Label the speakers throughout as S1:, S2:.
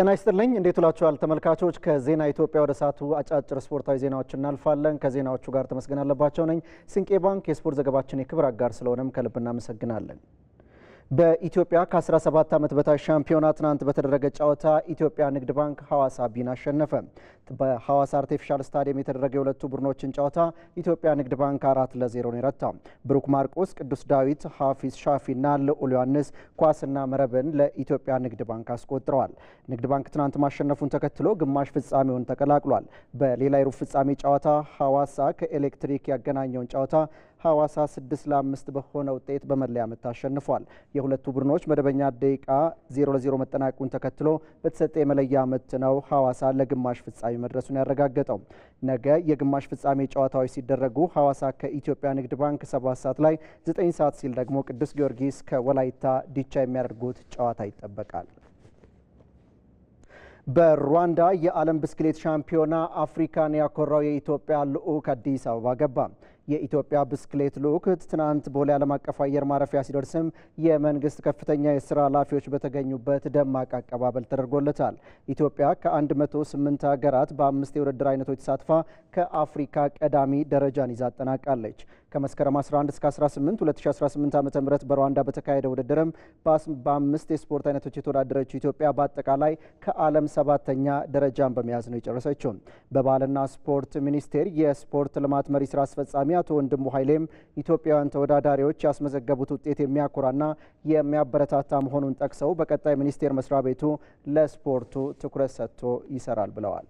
S1: ጤና ይስጥልኝ። እንዴት ውላችኋል ተመልካቾች? ከዜና ኢትዮጵያ ወደ ሰዓቱ አጫጭር ስፖርታዊ ዜናዎች እናልፋለን። ከዜናዎቹ ጋር ተመስገን አለባቸው ነኝ። ስንቄ ባንክ የስፖርት ዘገባችን የክብር አጋር ስለሆነም ከልብ እናመሰግናለን። በኢትዮጵያ ከ17 ዓመት በታች ሻምፒዮና ትናንት በተደረገ ጨዋታ ኢትዮጵያ ንግድ ባንክ ሐዋሳ ቢን አሸነፈ። በሐዋሳ አርቲፊሻል ስታዲየም የተደረገ የሁለቱ ቡድኖችን ጨዋታ ኢትዮጵያ ንግድ ባንክ አራት ለዜሮ ነው የረታ። ብሩክ ማርቆስ፣ ቅዱስ ዳዊት፣ ሐፊዝ ና ልዑል ዮሐንስ ኳስና መረብን ለኢትዮጵያ ንግድ ባንክ አስቆጥረዋል። ንግድ ባንክ ትናንት ማሸነፉን ተከትሎ ግማሽ ፍጻሜውን ተቀላቅሏል። በሌላ የሩብ ፍጻሜ ጨዋታ ሐዋሳ ከኤሌክትሪክ ያገናኘውን ጨዋታ ሐዋሳ 6 ለ5 በሆነ ውጤት በመለያ ምት አሸንፏል። የሁለቱ ቡድኖች መደበኛ ደቂቃ 0 ለ0 መጠናቀቁን ተከትሎ በተሰጠ የመለያ ምት ነው ሐዋሳ ለግማሽ ፍጻሜ መድረሱን ያረጋገጠው። ነገ የግማሽ ፍጻሜ ጨዋታዎች ሲደረጉ ሐዋሳ ከኢትዮጵያ ንግድ ባንክ 7 ሰዓት ላይ፣ 9 ሰዓት ሲል ደግሞ ቅዱስ ጊዮርጊስ ከወላይታ ዲቻ የሚያደርጉት ጨዋታ ይጠበቃል። በሩዋንዳ የዓለም ብስክሌት ሻምፒዮና አፍሪካን ያኮራው የኢትዮጵያ ልዑክ አዲስ አበባ ገባ። የኢትዮጵያ ብስክሌት ልዑክት ትናንት ቦሌ ዓለም አቀፍ አየር ማረፊያ ሲደርስም የመንግስት ከፍተኛ የስራ ኃላፊዎች በተገኙበት ደማቅ አቀባበል ተደርጎለታል። ኢትዮጵያ ከ108 ሀገራት በአምስት የውድድር አይነቶች ተሳትፋ ከአፍሪካ ቀዳሚ ደረጃን ይዛ አጠናቃለች። ከመስከረም 11 እስከ 18 2018 ዓ ም በሩዋንዳ በተካሄደ ውድድርም በአምስት የስፖርት አይነቶች የተወዳደረችው ኢትዮጵያ በአጠቃላይ ከዓለም ሰባተኛ ደረጃን በመያዝ ነው የጨረሰችው። በባህልና ስፖርት ሚኒስቴር የስፖርት ልማት መሪ ስራ አስፈጻሚ አቶ ወንድሙ ኃይሌም ኢትዮጵያውያን ተወዳዳሪዎች ያስመዘገቡት ውጤት የሚያኮራና የሚያበረታታ መሆኑን ጠቅሰው በቀጣይ ሚኒስቴር መስሪያ ቤቱ ለስፖርቱ ትኩረት ሰጥቶ ይሰራል ብለዋል።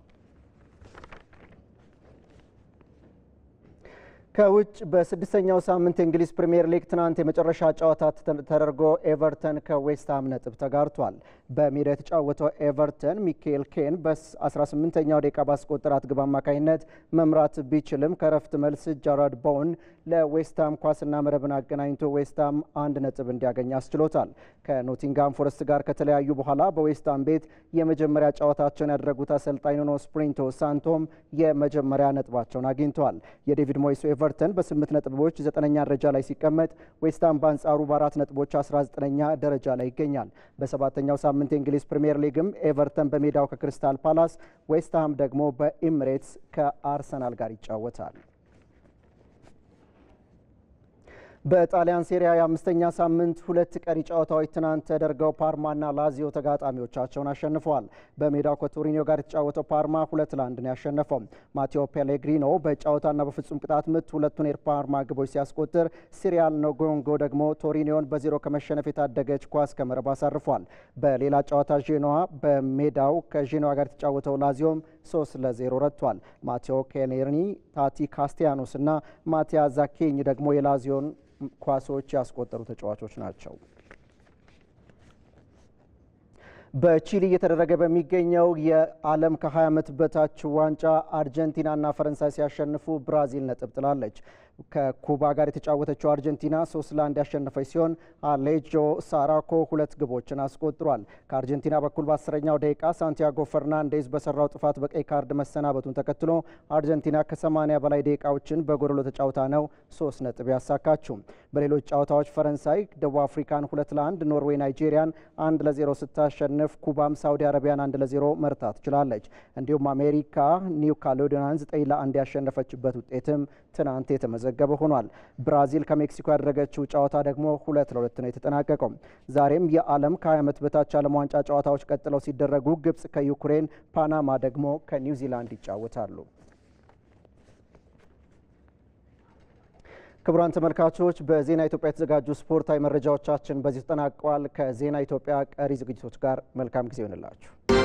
S1: ከውጭ በስድስተኛው ሳምንት የእንግሊዝ ፕሪምየር ሊግ ትናንት የመጨረሻ ጨዋታ ተደርጎ ኤቨርተን ከዌስትሃም ነጥብ ተጋርቷል። በሜዳ የተጫወተው ኤቨርተን ሚካኤል ኬን በ18ኛው ደቂቃ ባስቆጠራት ግብ አማካኝነት መምራት ቢችልም ከረፍት መልስ ጃራድ ቦውን ለዌስትሃም ኳስና መረብን አገናኝቶ ዌስትሃም አንድ ነጥብ እንዲያገኝ አስችሎታል። ከኖቲንጋም ፎረስት ጋር ከተለያዩ በኋላ በዌስትሃም ቤት የመጀመሪያ ጨዋታቸውን ያደረጉት አሰልጣኝ ኑኖ ስፕሪንቶ ሳንቶም የመጀመሪያ ነጥባቸውን አግኝተዋል። የዴቪድ ሞይስ ኤቨርተን በ8 ነጥቦች ዘጠነኛ ደረጃ ላይ ሲቀመጥ ዌስትሃም በአንጻሩ በአራት ነጥቦች 19ኛ ደረጃ ላይ ይገኛል። በሰባተኛው ሳምንት የእንግሊዝ ፕሪምየር ሊግም ኤቨርተን በሜዳው ከክሪስታል ፓላስ፣ ዌስትሃም ደግሞ በኢምሬትስ ከአርሰናል ጋር ይጫወታል። በጣሊያን ሴሪያ የአምስተኛ ሳምንት ሁለት ቀሪ ጨዋታዎች ትናንት ተደርገው ፓርማና ላዚዮ ተጋጣሚዎቻቸውን አሸንፈዋል። በሜዳው ከቶሪኒዮ ጋር የተጫወተው ፓርማ ሁለት ለአንድ ነው ያሸነፈው። ማቴዎ ፔሌግሪኖ በጨዋታና በፍጹም ቅጣት ምት ሁለቱን የፓርማ ግቦች ሲያስቆጥር፣ ሲሪያል ኖጎንጎ ደግሞ ቶሪኒዮን በዜሮ ከመሸነፍ የታደገች ኳስ ከመረብ አሳርፏል። በሌላ ጨዋታ ዤኖዋ በሜዳው ከዤኖዋ ጋር የተጫወተው ላዚዮም 3 ለዜሮ ረቷል። ማቴዎ ኬኔርኒ፣ ታቲ ካስቲያኖስ እና ማቲያ ዛኬኝ ደግሞ የላዚዮን ኳሶች ያስቆጠሩ ተጫዋቾች ናቸው። በቺሊ እየተደረገ በሚገኘው የዓለም ከ20 ዓመት በታች ዋንጫ አርጀንቲናና ፈረንሳይ ሲያሸንፉ ብራዚል ነጥብ ጥላለች። ከኩባ ጋር የተጫወተችው አርጀንቲና ሶስት ለአንድ ያሸነፈች ሲሆን አሌጆ ሳራኮ ሁለት ግቦችን አስቆጥሯል። ከአርጀንቲና በኩል በአስረኛው ደቂቃ ሳንቲያጎ ፈርናንዴዝ በሰራው ጥፋት በቀይ ካርድ መሰናበቱን ተከትሎ አርጀንቲና ከሰማኒያ በላይ ደቂቃዎችን በጎደሎ ተጫውታ ነው ሶስት ነጥብ ያሳካችው። በሌሎች ጨዋታዎች ፈረንሳይ ደቡብ አፍሪካን ሁለት ለአንድ፣ ኖርዌይ ናይጄሪያን አንድ ለዜሮ ስታሸንፍ ኩባም ሳውዲ አረቢያን አንድ ለዜሮ መርታት ችላለች። እንዲሁም አሜሪካ ኒው ካሌዶኒያን ዘጠኝ ለአንድ ያሸነፈችበት ውጤትም ትናንት የተመዘ እየተዘገበ ሆኗል። ብራዚል ከሜክሲኮ ያደረገችው ጨዋታ ደግሞ ሁለት ለሁለት ነው የተጠናቀቀው። ዛሬም የዓለም ከ20 ዓመት በታች ዓለም ዋንጫ ጨዋታዎች ቀጥለው ሲደረጉ ግብጽ ከዩክሬን፣ ፓናማ ደግሞ ከኒውዚላንድ ይጫወታሉ። ክቡራን ተመልካቾች በዜና ኢትዮጵያ የተዘጋጁ ስፖርታዊ መረጃዎቻችን በዚህ ተጠናቀዋል። ከዜና ኢትዮጵያ ቀሪ ዝግጅቶች ጋር መልካም ጊዜ ይሆንላችሁ።